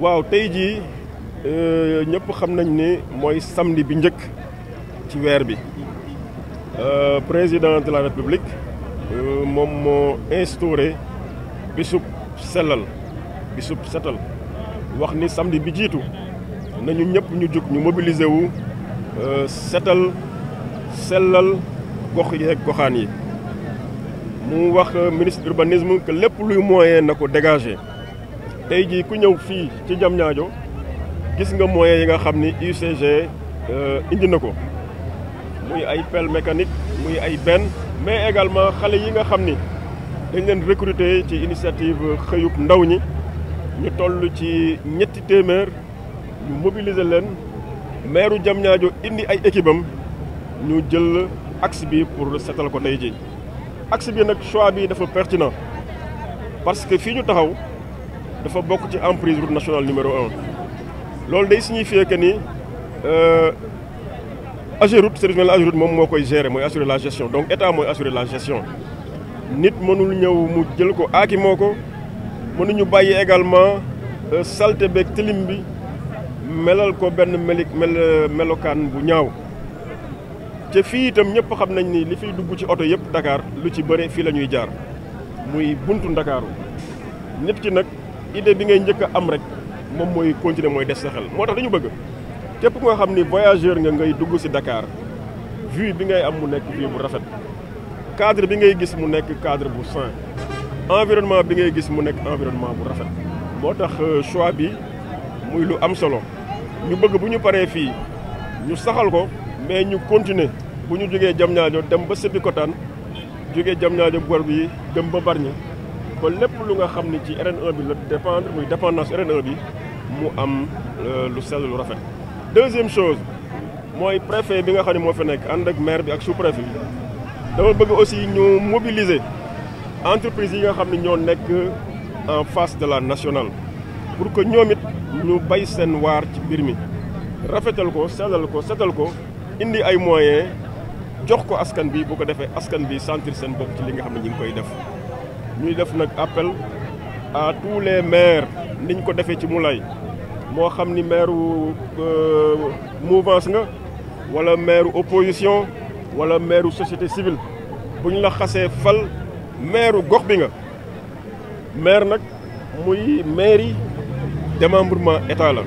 waaw tey jii euh, ñëpp xam nañ ni mooy samedi bi njëkk ci weer bi euh, président de la république euh, moom moo instauré bisub selal bisub setal wax ni samedi bi jiitu nañu ñëpp ñu jug ñu mobiliser wu setal sellal gox yeeg goxaan yi mu wax ministre urbanisme que lépp luy moyen na ko dégager tey jii ku ñëw fii ci Diamniadio gis nga moyens yi nga xam ni UCG euh, indi na ko muy ay pelle mécanique muy ay benn mais également xale yi nga xam ni dañ leen recruter ci initiative xëyub ndaw ñi ñu toll ci ñetti téeméer ñu mobiliser leen maire Diamniadio indi ay équipe am ñu jël axe bi pour setal ko tey ji axe bi nag choix bi dafa pertinent parce que fii ñu taxaw dafa bokk ci emprise route nationale numéro un loolu day signifier que ni euh, AGEROUTE service mel AGEROUTE moom moo koy gérer mooy assurer la gestion donc état mooy assurer la gestion nit mënul ñëw mu jël ko aaki moo ko mënuñu bàyyi également euh, saleté beeg tilim bi melal ko benn melik mel euh, melokaan bu ñaaw te fii itam ñëpp xam nañ ni li fiy dugg ci oto yëpp Dakar lu ci bëre fii la ñuy jaar muy buntu Ndakaaru ñëpp ci idée bi ngay njëkk a am rek moom mooy continuer mooy de sa moo tax ñu bëgg képp nga xam ni voyageur nga ngay dugg si Dakar vue bi ngay am mu nekk vue bu rafet cadre bi ngay gis mu nekk cadre bu sain environnement bi ngay gis mu nekk environnement bu rafet moo tax euh, choix bi muy lu am solo ñu bëgg bu ñu paree fii ñu saxal ko mais ñu continuer bu ñu jugee jam jógee Diamniadio dem ba Sébikotane jógee Diamniadio bor bi dem ba Bargny ba lépp lu nga xam ni ci RN1 bi la dépendre muy dépendance RN1 bi mu am euh, lu sell lu rafet. deuxième chose mooy préfet bi nga xam ne moo fi nekk ànd ak maire bi ak sous-préfet dama bëgg aussi ñu mobiliser entreprise yi nga xam ne ñoo nekk en face de la nationale pour que ñoom it ñu bay seen waar ci mbir mi rafetal ko sellal ko setal ko indi ay moyens jox ko askan bi bu ko defee askan bi sentir seen bopp ci li nga xam ne ñu ngi koy def. ñuy def nag appel à tous les maires niñ ko defee ci Moulay moo xam ni maire euh, mouvance nga wala maire opposition wala maire société civile bu ñu la xasee fal maire gox bi nga maire nag muy maire yi démembrement état la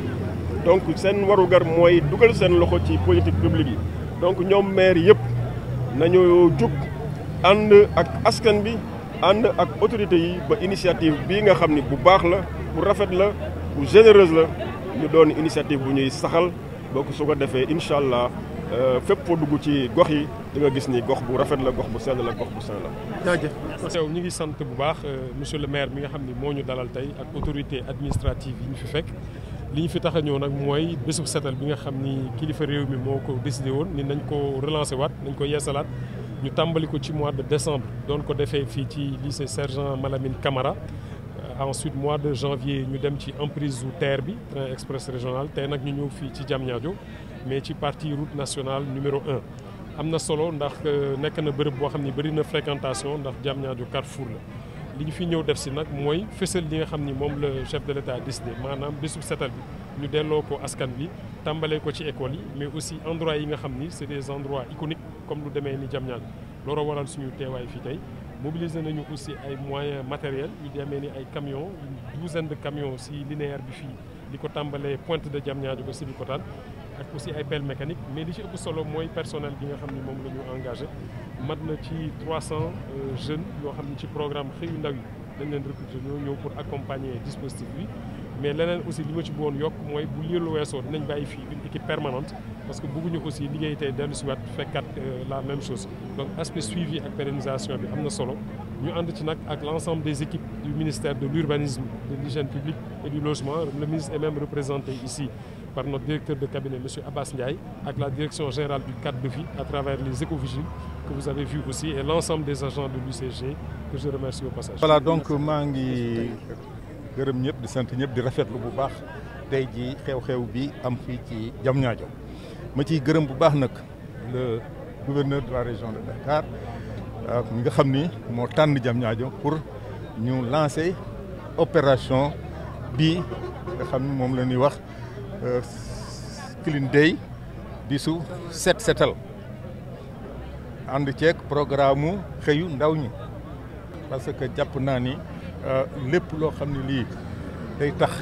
donc seen warugar mooy dugal seen loxo ci politique publique yi donc ñoom maire yëpp nañu jug ànd ak askan bi ànd ak autorité yi ba initiative bii nga xam ni bu baax la bu rafet la bu généreuse la ñu doon initiative bu ñuy saxal boo ko su ko defee incha allah euh, fépp foo dugg ci gox yi di nga gis ni gox bu rafet la gox bu sell la gox bu sell la. jaajëf sew ñu ngi sant bu baax euh, monsieur le maire mi nga xam ni moo ñu dalal tey ak autorité administrative yi ñu fi fekk. li ñu fi tax a nag mooy bésub setal bi nga xam ni kilifa réew mi moo ko décidé woon ni nañ ko relancer waat nañ ko yeesalaat. ñu tàmbali ko ci mois de décembre doon ko defee fii ci lycée sergent Malamine Camara euh, ensuite mois de janvier ñu dem ci emprise u TER bi train express régional tey nag ñu ñëw fii ci Diamniadio mais ci partie route nationale numéro un am na solo ndax euh, nekk na bërëb boo xam ni bëri na fréquentation ndax Diamniadio Carrefour la li ñu fi ñëw def si nag mooy fësal li nga xam ni moom la chef de l'état décidé maanaam bésub setal bi ñu delloo ko askan bi tàmbalee ko ci école yi mais aussi endroit yi nga xam ni c'est des endroits iconiques comme lu demee ni Diamniadio loolu waral suñu teewaay fii tey mobiliser nañu aussi ay moyen matériels yu demee ni ay camions une douzaine de camions si linéaire bi fii li ko tàmbalee Pointe de Diamniadio ba Sébikotane ak aussi ay pelle mécanique mais li ci ëpp solo mooy personnel bi nga xam ni moom la ñu engagé mat na ci 300 euh, jeunes yoo xam ni ci programme xëyu ndaw yi dañ leen recruter ñoo ñëw pour accompagner dispositif bi mais leneen aussi li ma ci bëggoon yokk mooy bu lii lu weesoo dinañ bàyyi fii une équipe permanente parce que bëgguñu aussi liggéey tey dellu si waat fekkat euh, la même chose donc aspect suivi ak pérennisation bi am na solo ñu ànd ci nag ak l'ensemble des équipes du ministère de l'urbanisme de l'hygiène publique et du logement le ministre est même représenté ici par notre directeur de cabinet, M. Abbas Ndiaye, avec la direction générale du cadre de vie à travers les écovigiles que vous avez vu aussi et l'ensemble des agents de l'UCG que je remercie au passage. Voilà donc maa ngi gërëm ñëpp di sant ñëpp di rafetlu bu baax tey ji xew-xew bi am fii ci jam ñaajo ma ciy gërëm bu baax nag le gouverneur de la région de Dakar euh, mi nga xam ni moo tànn jam Diamniadio pour ñu lancé opération bi nga xam ni moom la ñuy wax. Euh, clean day di su set setal ànd ceeg programme mu xëyu ndaw ñi parce que jàpp naa ni euh, lépp loo xam ne lii day tax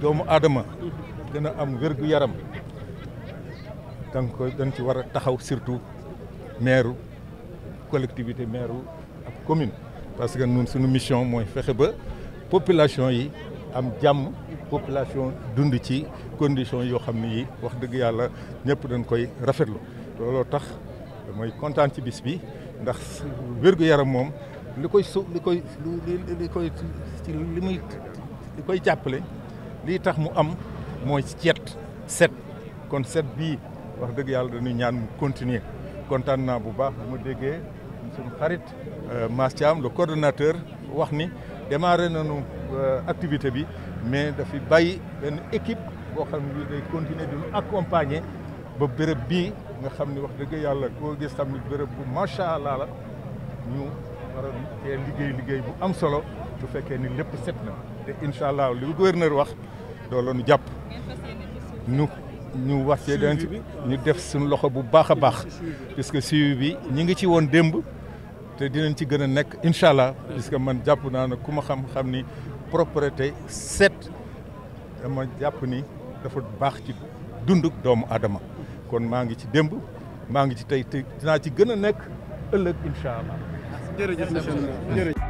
doomu aadama gën a am wérgu yaram danga koy dañ ci war a taxaw surtout maire collectivité maire ak commune parce que ñun suñu mission mooy fexe ba population yi am jàmm population dund ci condition yoo xam ne yi wax dëgg yàlla ñëpp dañ koy rafetlu looloo tax mooy kontaan ci bis bi ndax wér-gu-yaram moom li koy su li koy li koy li muy li koy jàppale lii tax mu am mooy ceet set kon set bi wax dëgg yàlla dañuy ñaan mu continuer kontaan naa bu baax bu ma déggee suñu xarit euh, Mass Thiam le coordonnateur wax ni na nañu Euh, activité bi mais dafi bay benn équipe boo xam ne day continuer di ñu accompagner ba béréb bii nga xam ni wax dëgg yàlla koo gis xam ni béréb bu macha allah la ñu war a liggéey liggéey bu am solo su fekkee ni lépp set incha allah li gouverneur wax loolu nu jàpp ñu ñu wax ci denc bi ñu def suñu loxo bu baax a baax puisque suivi bi ñi ngi ci woon démb te dinañ ci gën a nekk incha allah puisque man jàpp naa ne ku ma xam-xam ni propreté set dama jàpp ni dafa baax ci dunduk doomu aadama kon maa ngi ci démb maa ngi ci tey te dinaa ci gën a nekk ëllëg incha allah.